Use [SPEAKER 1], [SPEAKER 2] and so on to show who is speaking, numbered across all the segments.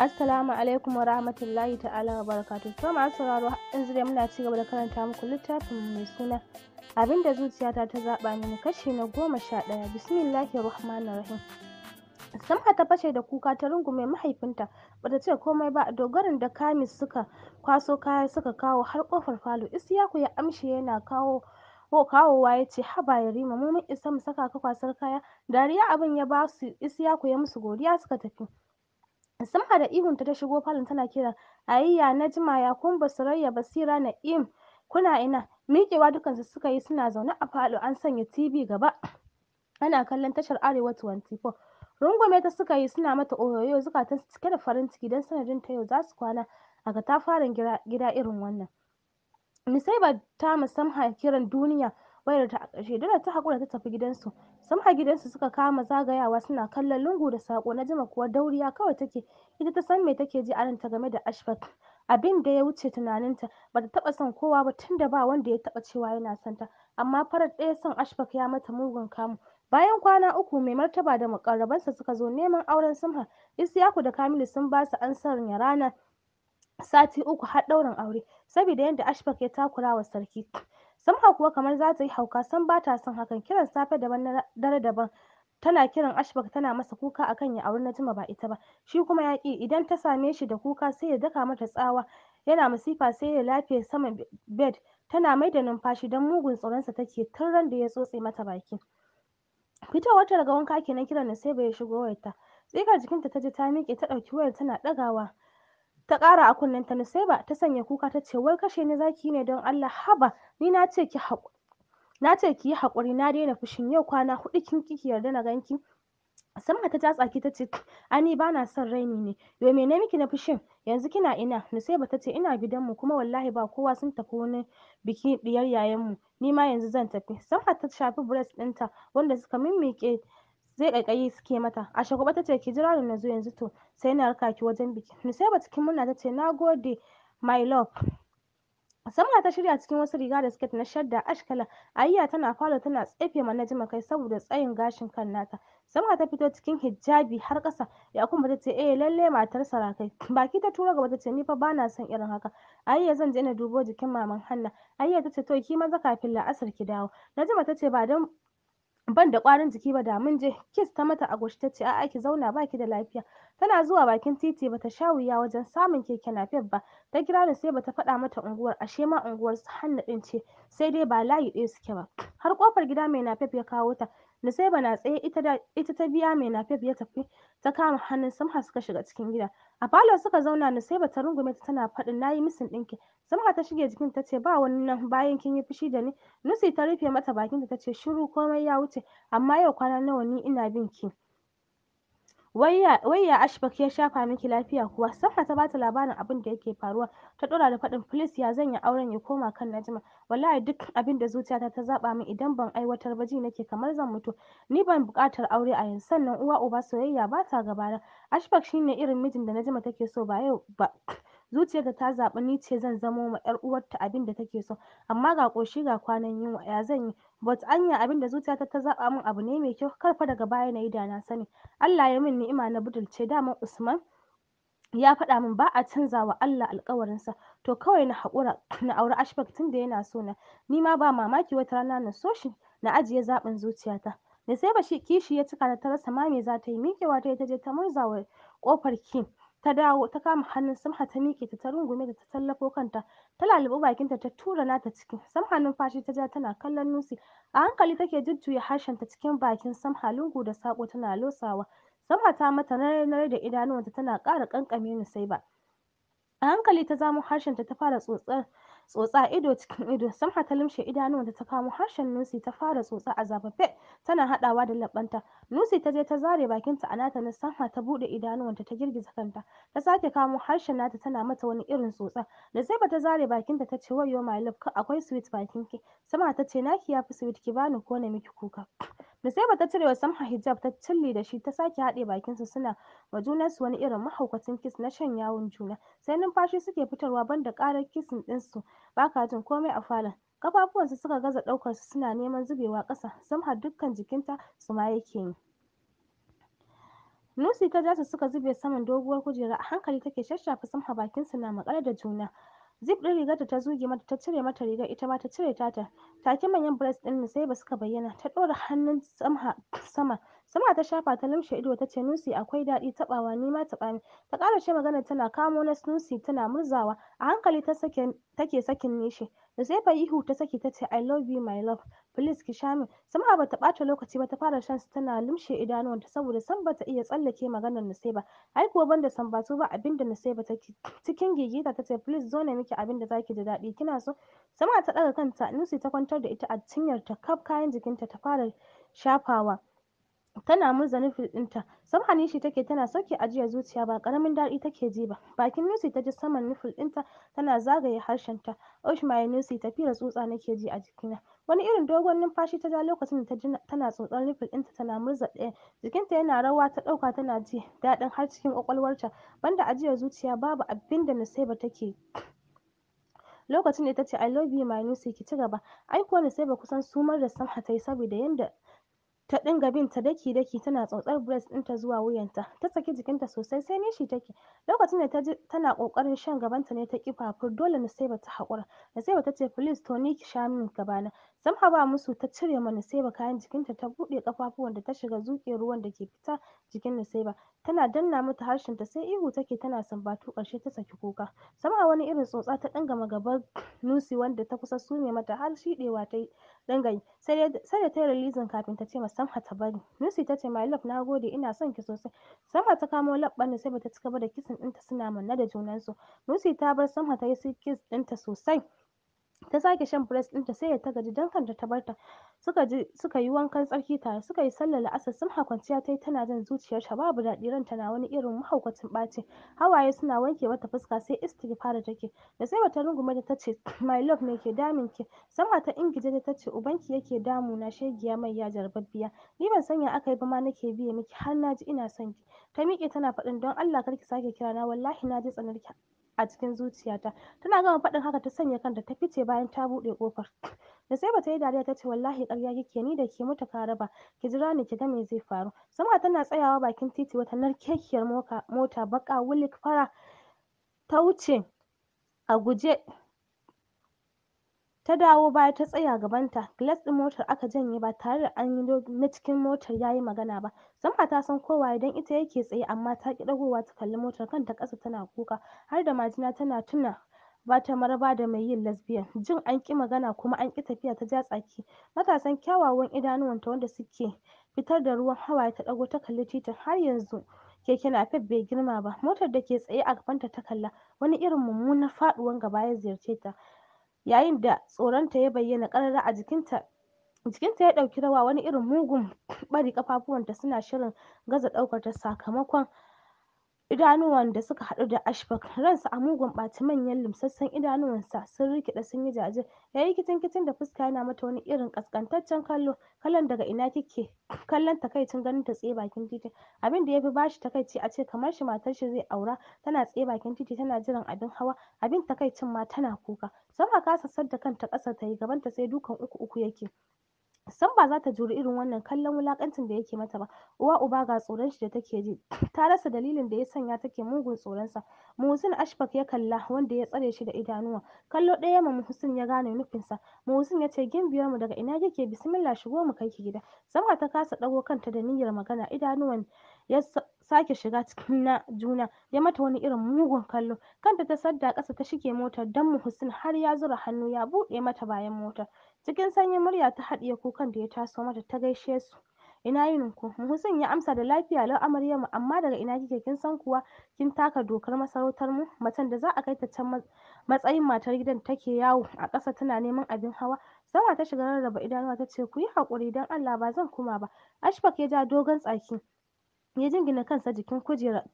[SPEAKER 1] Assalamu alaikum wa rahmatullahi ta'ala wa barakatuh. To sauraro yanzu dai muna cigaba da karanta muku littafin mai suna abinda zuciyata ta zaɓa mini kashi na goma sha ɗaya bismillahir rahim. Sama ta fashe da kuka ta rungume mahaifinta bata ce komai ba dogarin da kamis suka kwaso kaya suka kawo har kofar falo isyaku ya amshi yana kawo ko kawowa ya ce haba ya rima mu mun isa mu saka ka kwasar kaya dariya abin ya ba su isiyaku ya musu godiya suka tafi Salma da ihunta ta shigo falon tana kiran Ayya Najma kun Surayya Basira Na'im kuna ina miƙewa dukansu suka yi suna zaune a falo an sanya TV gaba ana kallon tashar Arewa 24 rungume ta suka yi suna mata oyoyo zukatansu cike da farin ciki don sanadin ta yau za su kwana a katafaren gida irin wannan ba ta musamman kiran duniya wayar ta a ƙarshe dole ta haƙura ta tafi gidansu gidan gidansu suka kama zagayawa suna kallon lungu da sako na jima kuwa dauriya kawai take ita ta san me take ji a ranta game da Ashfaq. Abin da ya wuce tunaninta bata taba son kowa ba tunda ba wanda ya taba cewa yana son ta amma farar ɗaya son ashfak ya mata mugun kamu. Bayan kwana uku mai martaba da muƙarrabansa suka zo neman auren sumha Isiyaku da Kamilu sun basu ansar ya ranar sati uku har ɗaurin aure saboda yadda Ashfaq ya takura wa sarki. Samha kuwa kamar za ta yi hauka sam ba ta son hakan kiran safe daban na dare daban tana kiran Ashbak tana masa kuka akan ya auri na Najma ba ita ba shi kuma ya ki idan ta same shi da kuka sai ya daka mata tsawa yana masifa sai ya lafe saman bed tana mai da numfashi don mugun tsoronsa take tun ran da ya tsotse mata baki fitowar ta daga wanka kenan kiran sai bai shigo wayarta tsikar jikinta ta ji ta miƙe ta ɗauki wayar tana ɗagawa ta ƙara a ta, Nusaiba ta sanya kuka ta ce wai kashe ni zaki ne don Allah haba ni na ce ki haƙuri na ce ki haƙuri na daina fushin yau kwana huɗu kin ki yarda na ganki Salma ta tsaki ta ce ani ba na son raini ne yo mene miki na fushin yanzu kina ina Nusaiba ta ce ina gidanmu kuma wallahi ba kowa sun tafi wani biki ɗiyar yayanmu ni ma yanzu zan tafi sama ta shafi breast ɗinta wanda suka mimmiƙe Zai ƙaiƙayi suke mata ashagwaɓa ta ce ki jira ni na zo yanzu to sai na raka ki wajen biki nusaiba cikin murna ta ce na gode my love Samra ta shirya cikin wasu riga da siket na shadda ashkala ayya tana falo tana tsefe ma najima kai saboda tsayin gashin kan nata sam'a ta fito cikin hijabi har ƙasa Yakubu ta ce eh lalle matar sarakai baki ta tura gaba ta ce ni fa bana son irin haka ayya zan je na dubo jikin maman Hanna ayya ta ce to ki maza kafin la'asar ki dawo najima ta ce ba dan ban da ƙwarin jiki ba da mun je kiss ta mata agushi ta ce a'a ki zauna baki da lafiya tana zuwa bakin titi bata sha wuya wajen samun keke napep ba ta kira ni sai bata faɗa mata unguwar ashe ma unguwar su hanna ce sai dai ba layi ɗaya suke ba har ƙofar gida mai napep ya kawo ta Nusaiba na tsaye ita ta biya mai Nafef ya tafi ta kama hannun Samha suka shiga cikin gida. A falo suka zauna Nusaiba ta rungume ta tana faɗin nayi misin ɗinki. Samha ta shige jikin ta ce ba wani nan bayan kin yi fushi da ni. Nusi ta rufe mata bakinta ta ce shiru komai ya wuce amma yau kwana nawa ni ina bin ki. wai ya ashbak ya shafa miki lafiya kuwa safa ta bata labarin abin da yake faruwa ta ɗora da faɗin please ya zanya auren ya koma kan najma wallahi duk abin da zuciyata ta zaba min idan ban aiwatar ba ji nake kamar zan mutu ni ban buƙatar aure a yanzu sannan uwa uba soyayya ba ta gabana ashbak shine irin mijin da najma take so ba yau ba zuciyarta ta zaɓi ni ce zan zamo ma 'yar uwarta abinda take so amma ga ƙoshi ga kwanan yunwa ya zan yi but anya abin da zuciyata ta zaba min abu ne mai kyau kar fa daga baya nayi da na sani Allah ya min ni'ima na budulce daman Usman ya faɗa min ba a canza wa Allah alƙawarinsa to kawai na haƙura na auri Ashfaq da yana so na ni ma ba mamaki wata rana na so shi na ajiye zaɓin zuciyata da sai shi kishi ya cika ta rasa ma me za ta yi miƙewa ta ta je ta murza wa ƙofar ki ta dawo ta kama hannun samha ta miƙe ta ta rungume da ta tallafo kanta ta lalubi bakinta ta tura nata ciki samha numfashi ta ja tana kallon nusi a hankali take jujjuya ta cikin bakin samha lungu da sako tana losawa samha ta mata nare-nare da idanuwanta tana ƙara ƙanƙame nusaiba a hankali ta zamo harshenta ta fara tsotsar tsotsa ido cikin ido samha ta limshe idanuwanta ta kamo harshen nusi ta fara tsotsa a zafafe tana haɗawa da labanta nusi ta je ta zare bakinta a nata na samha ta buɗe idanuwanta ta girgiza kanta ta sake kamo harshen nata tana mata wani irin tsotsa da sai bata zare bakinta ta ce wayo my love akwai sweet ki samha ta ce naki yafi sweet ki bani ko na miki kuka da sai bata cire wa samha hijab ta cille da shi ta sake haɗe bakinsu suna wa junansu wani irin mahaukacin kis na shan yawun juna sai numfashi suke fitarwa banda ƙarar kisin ɗinsu ba ka jin komai a falon kafafuwansu suka gaza ɗaukarsu su suna neman zubewa ƙasa samhar dukkan jikinta su ma yake yi nusi ta jasa suka zube saman doguwar kujera a hankali take shashafa samha bakinsu na maƙale da juna zip ɗin rigar ta zuge mata ta cire mata rigar ita ma ta cire tata take manyan din ɗin sai ba suka bayyana ta ɗora hannun sama sama sama ta shafa ta lamshe ido ta ce nusi akwai daɗi taɓawa ni ma taɓa ni ta ƙara ce magana tana kamo na nusi tana murzawa a hankali ta sake take sakin nishi Josefa ihu ta saki ta ce I love you my love, please ki sha min. Sam'a bata bata lokaci ba ta fara shan su tana lumshe idanuwanta saboda san bata iya tsallake maganar Nusaiba. Ai kuwa banda sambatu ba abinda Nusaiba ta cikin gigita ta ce please zo na miki abinda zaki ji dadi. kina so. Sam'a ta daga kanta Nusi ta kwantar da ita a cinyar ta kaf kayan jikinta ta fara shafawa. tana murza nufin ɗinta sam hanishi take tana sauke ajiyar zuciya ba ƙaramin daɗi take ji ba bakin nusi ta ji saman nufil ɗinta tana zagaye harshenta osh maye nusi tafiyar tsutsa nake ji a jikina wani irin dogon numfashi ta ja lokacin da ta ji tana tsotsar nufil ɗinta tana murza ɗaya jikinta yana rawa ta ɗauka tana ji daɗin har cikin ƙwaƙwalwarta banda ajiyar zuciya babu abin da nusaiba take lokacin da ta ce i love you my nusi ki ci gaba ai kuwa ba kusan sumar da samha ta yi saboda yanda ta dinga bin ta daki-daki tana tsotsar din ta zuwa wuyanta ta saki jikinta sosai sai nishi take lokacin da ta tana kokarin shan gabanta ne ta ƙi fafur dole Nusaiba ta haƙura Nusaiba ta ce please to ni ki sha min gabana samha ba musu ta cire ma Nusaiba kayan jikinta ta buɗe kafafu da ta shiga zuƙe ruwan da ke fita jikin Nusaiba tana danna mata harshen ta sai ihu take tana sambatu karshe ta saki kuka samha wani irin tsotsa ta dinga magabar Nusi wanda ta kusa sume mata har shidewa ta yi dangane sai dai sai da tayi releasing kafin ta ce ma Samha ta bari Lucy ta ce my love na gode ina son ki sosai Samha ta kamo labban sai bata cika ba da kisan ɗinta suna manne da junansu Lucy ta bar Samha ta yi kiss ɗinta sosai ta sake shan breast ta sai da ta gaji don kanta ta barta suka ji suka yi wankan tsarki tare suka yi sallar la'asar sun kwanciya ta yi tana jin zuciyar ta babu daɗi ranta na wani irin mahaukacin ɓaci hawaye suna wanke mata fuska sai fara take da sai wata rungume da tace my love me ke damin ki sama ta ingije da tace ubanki yake damu na shegiya mai ya jarbabbiya ni ban sanya aka yi ba ma nake biye miki har na ji ina son ki ta miƙe tana faɗin don Allah kar ki sake kira na wallahi na ji tsanar a cikin zuciyata tana gama faɗin haka ta sanya kanta ta fice bayan ta buɗe ƙofar da sai ba ta yi dariya ta ce wallahi ƙarya kike ni da ke mutu ka raba ki jira ni ki ga me zai faru sama tana tsayawa bakin titi wata narkekiyar mota baƙa wulik fara ta wuce a guje ta dawo baya ta tsaya gabanta glass ɗin motar aka janye ba tare da an yi na cikin motar ya yi magana ba zama ta san kowaye don ita yake tsaye amma ta ki ɗagowa ta kalli motar kanta ƙasa tana kuka har da majina tana tuna ba ta maraba da mai yin lesbian jin an ƙi magana kuma an ƙi tafiya ta ja tsaki matasan kyawawan idanuwanta wanda suke fitar da ruwan hawaye ta ɗago ta kalli titin har yanzu keke napep bai girma ba motar da ke tsaye a gabanta ta kalla wani irin mummunar faɗuwan gaba ya ziyarce ta yayin da tsoronta ya bayyana ƙarara a jikinta jikinta ya ɗauki rawa wani irin mugun ɓari ƙafafuwanta suna shirin gaza ɗaukarta sakamakon idanuwan da suka haɗu da ashfaq ransa a mugun ɓaci manyan limsassan idanuwansa sun rikide sun yi jajir yayi kicin kicin da fuska yana mata wani irin kaskantaccen kallo kallon daga ina kike kallon takaicin ganin ta tsaye bakin titi abin da fi bashi takaici a ce kamar shi matar shi zai aura tana tsaye bakin titi tana jiran abin hawa abin takaicin ma tana kuka sama kasa sadda kanta ƙasa tayi gabanta sai dukan uku uku yake san ba za ta juri irin wannan kallon wulakancin da yake mata ba uwa uba ga tsoron shi da take ji ta rasa dalilin da ya sanya take mugun tsoron sa muhsin ashfaq ya kalla wanda ya tsare shi da idanuwa kallo ɗaya ma muhsin ya gane nufin sa muhsin ya ce gimbiyar mu daga ina kike bismillah shigo mu kai ki gida sama ta kasa dago kanta da niyyar magana idanuwan ya sake shiga cikin na juna ya mata wani irin mugun kallo kanta ta sadda ƙasa ta shige motar dan muhsin har ya zura hannu ya buɗe mata bayan motar Cikin sanyin murya ta haɗiye kukan da ya taso mata ta gaishe su. Ina yininku? Muhsin ya amsa da lafiya lau mu amma daga ina kike kin san kuwa kin taka dokar masarautar mu macen da za a kai ta can matsayin matar gidan take yawo a ƙasa tana neman abin hawa sama ta shiga rarraba idanuwa ta ce ku yi haƙuri don Allah ba zan koma ba Ashfaq ya ja dogon tsaki ya jingina kansa jikin kujera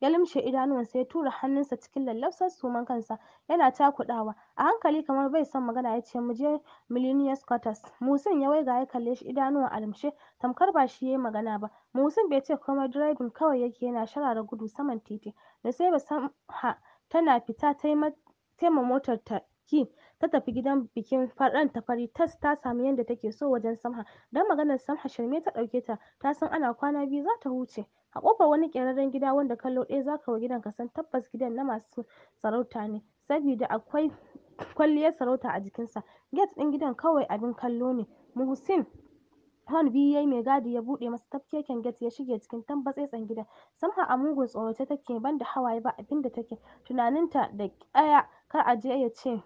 [SPEAKER 1] ya lumshe idanuwansa ya tura hannunsa cikin lallausar suman kansa yana takudawa a hankali kamar bai son magana ya ce mu je millenius quarters musin ya waiga ya kalle shi idanuwan almshe tamkar ba shi yayi magana ba musin bai ce komai driving kawai yake yana sharara gudu saman titi da sai ba san ha tana fita taima motar ta ki ta tafi gidan bikin faɗan ta fari tas ta samu yadda take so wajen samha dan maganar samha shirme ta ɗauke ta ta san ana kwana biyu za ta huce a ƙofar wani ƙerarren gida wanda kallo ɗaya zaka wa gidan ka san tabbas gidan na masu sarauta ne sabida akwai kwalliyar sarauta a jikin sa gate ɗin gidan kawai abin kallo ne muhsin Hon biyu yi mai gadi ya buɗe masa tafkeken gate ya shige cikin tambatsetsen gidan. Samha a mugun tsorace take da hawaye ba abinda take tunaninta da ƙaya kar a je ya ce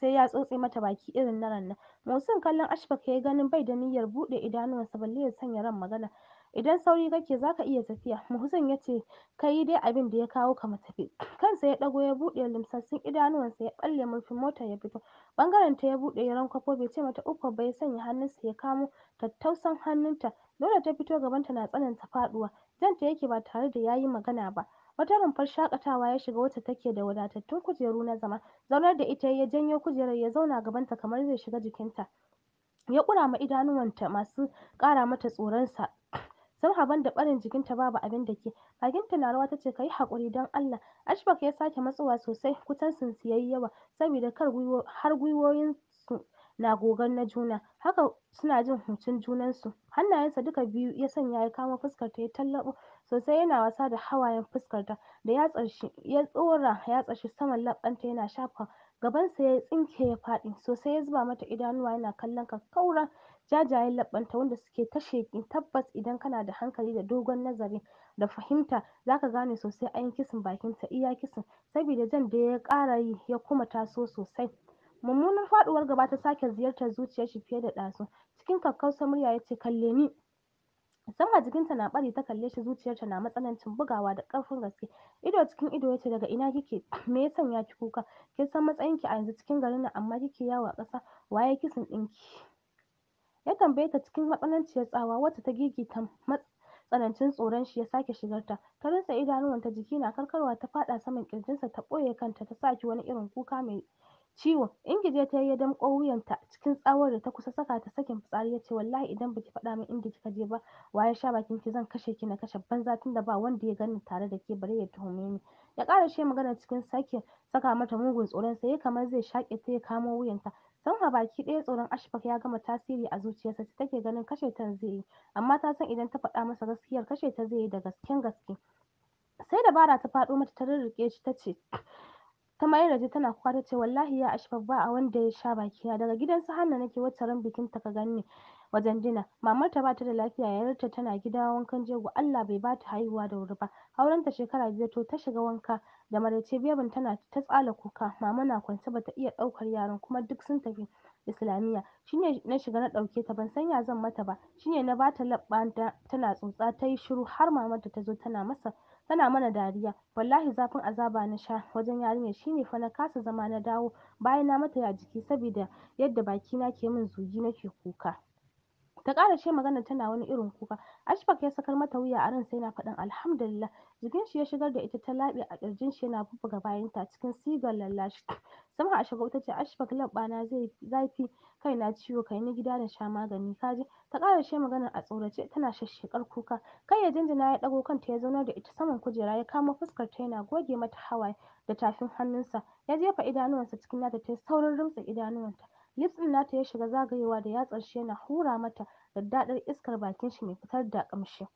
[SPEAKER 1] sai ya tsotse mata baki irin na rannan. Musin kallon Ashfaq yayi ganin bai da niyyar buɗe idanuwansa balle ya sanya ran magana. idan sauri kake zaka iya tafiya Muhsin yace kayi dai abin da ya kawo ka mu tafi kansa ya dago ya buɗe limsassun idanuwansa ya balle murfin mota ya fito bangaren ta ya buɗe ya rankwafo bai ce mata uku ba ya sanya hannunsa ya kamo tattausan hannunta Dole ta fito gabanta na tsananta faɗuwa janta yake ba tare da yayi magana ba wata rumfar shakatawa ya shiga wacce take da wadatattun kujeru na zama zaunar da ita ya janyo kujerar ya zauna gabanta kamar zai shiga jikinta ya ƙura ma idanuwanta masu kara mata tsoronsa Sauha banda ɓarin jikinta babu abin da ke. Bakinta na rawa ta ce, "Ka yi haƙuri don Allah." ashbak ya sake matsowa sosai, kutan sun yi yawa, saboda kar har gwiwoyin su na gogan na juna. Haka suna jin hucin junansu. Hannayensa duka biyu ya sanya ya kamo fuskarta ya tallabo sosai yana wasa da hawayen fuskarta da ya tsarshi ya tsora ya tsarshi saman ta yana shafa gabansa ya tsinke ya faɗi sosai ya zuba mata idanuwa yana kallon kakkauran jajayen laɓanta wanda suke tashe sheƙi tabbas idan kana da hankali da dogon nazari da fahimta zaka gane sosai an yi bakin ta iya kisan sabida jan da ya ƙara yi ya kuma taso sosai mummunar faɗuwar gaba ta sake ziyartar zuciyar shi fiye da ɗazu cikin kakkausar murya yace kalle ni sama jikinta na bari ta kalle shi zuciyar ta na matsanancin bugawa da ƙarfin gaske ido cikin ido yace daga ina kike me ya sanya ki kuka kin san matsayin ki a yanzu cikin garin nan amma kike yawo a ƙasa waye kisan ɗinki ya tambaye ta cikin matsananciyar tsawa wacce ta gigita matsanancin tsoron shi ya sake shigarta ta rintsa ta jiki na karkarwa ta faɗa saman sa ta boye kanta ta saki wani irin kuka mai ciwo ingije ta ya damƙo wuyanta cikin tsawar da ta kusa saka ta sakin fitsari ya ce wallahi idan baki faɗa min inda kika je ba wa ya sha bakin ki zan kashe ki na kashe banza tunda ba wanda ya gani tare da ke bare ya tuhume ni ya ƙara maganar magana cikin sake saka mata mugun tsoron sai kamar zai shaƙe ta ya kamo wuyanta ha baki ɗaya tsoron Ashfaq ya gama tasiri a zuciyarsa ta take ganin kashe ta zai yi, amma ta san idan ta faɗa masa gaskiyar kashe ta zai yi da gasken gaske. Sai dabara ta faɗo mata ta rirriƙe shi ta ce ta mayar da tana kuka ta ce wallahi ya Ashfaq ba a wanda ya sha bakina daga gidan su Hanna nake wacce ran bikin ta ka ganni wajen dina ta bata da lafiya ta tana gida wankan jego Allah bai bata haihuwa da wuri ba auren ta shekara biyar to ta shiga wanka da maraice bebin tana ta tsala kuka mama na kwance bata iya daukar yaran kuma duk sun tafi islamiyya shine na shiga na ɗauke ta ban san ya zan mata ba shine na bata laɓɓanta tana tsotsa tayi shiru har ta tazo tana masa tana mana dariya wallahi zafin azaba na sha wajen yarinya shine fa na kasa zama na dawo bayan na mata ya jiki sabida yadda bakina ke min zugi nake kuka ta ce maganar tana wani irin kuka Ashfaq ya sakar mata wuya a ransa yana faɗin alhamdulillah jikin shi ya shigar da ita ta laɓe a ƙirjin shi yana bubbuga bayanta cikin sigar lallashi sama a ta ce Ashfaq lamba na zai zafi kai na ciwo kai ni gida na sha magani kaji ta ƙarashe magana a tsorace tana shashshekar kuka kai ya jinjina ya ɗago kanta ya zaunar da ita saman kujera ya kama fuskar ta yana goge mata hawaye da tafin hannunsa ya jefa idanuwansa cikin nata ta saurin rumtsa idanuwanta lips ɗin nata ya shiga zagayewa da yatsar shi yana hura mata daddadar iskar bakin shi mai fitar da kamshi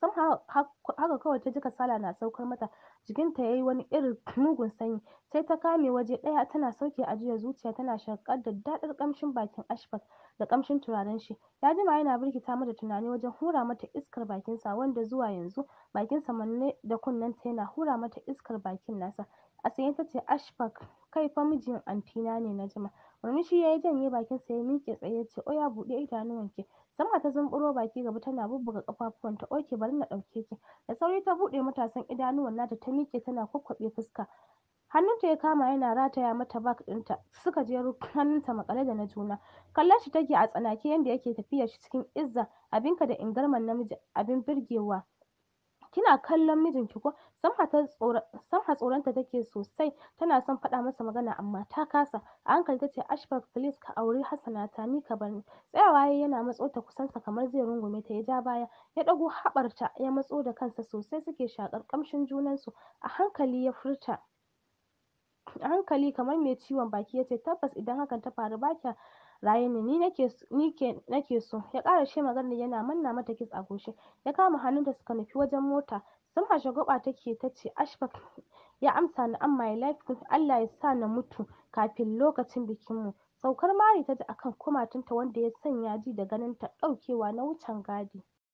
[SPEAKER 1] somehow haka kawai ta ji kasala na saukar mata jikinta yayi wani irin mugun sanyi sai ta kame waje ɗaya tana sauke ajiyar zuciya tana shakar daɗar kamshin bakin ashfaq da kamshin turaren shi ya jima yana birkita mata tunani wajen hura mata iskar bakinsa wanda zuwa yanzu bakinsa manne da ta yana hura mata iskar bakin nasa A tsaye ta ce, "Ashfaq, kai fa mijin antina ne na jima." Murmushi ya yi janye sa ya miƙe tsaye ya ce, "Oya buɗe idanuwanki." sama ta zumburo baki gaba tana bubbuga ta "Oke bari na ɗauke ki." Da sauri ta buɗe matasan idanuwan nata ta miƙe tana kwakkwaɓe fuska. hannunta ya kama yana rataya mata bag ɗinta suka je hannunta makale da na juna kallon shi take a tsanake yadda yake tafiyar shi cikin izza abinka da ingarman namiji abin birgewa kina kallon mijinki ko samha tsoronta take sosai tana son faɗa masa magana amma ta kasa a hankali ta ce ashfaq please ka auri hassana ta ni ka bar tsayawa yayi yana matso ta kusansa kamar zai rungume ta ya ja baya ya ɗago haɓarta ya matso da kansa sosai suke shakar kamshin junansu a hankali ya furta a hankali kamar mai ciwon baki yace tabbas idan hakan ta faru ba Rayane ni nake ni ke nake so ya ƙarashe maganar yana manna mata kits a goshin ya kama hannunta suka nufi wajen mota Salma shagwaɓa take ta ce Ashfaq ya amsa na am my life Allah ya sa na mutu kafin lokacin bikin mu saukar mari ta ji akan kumatunta wanda ya sanya ji da ganin ta ɗaukewa na wucin gadi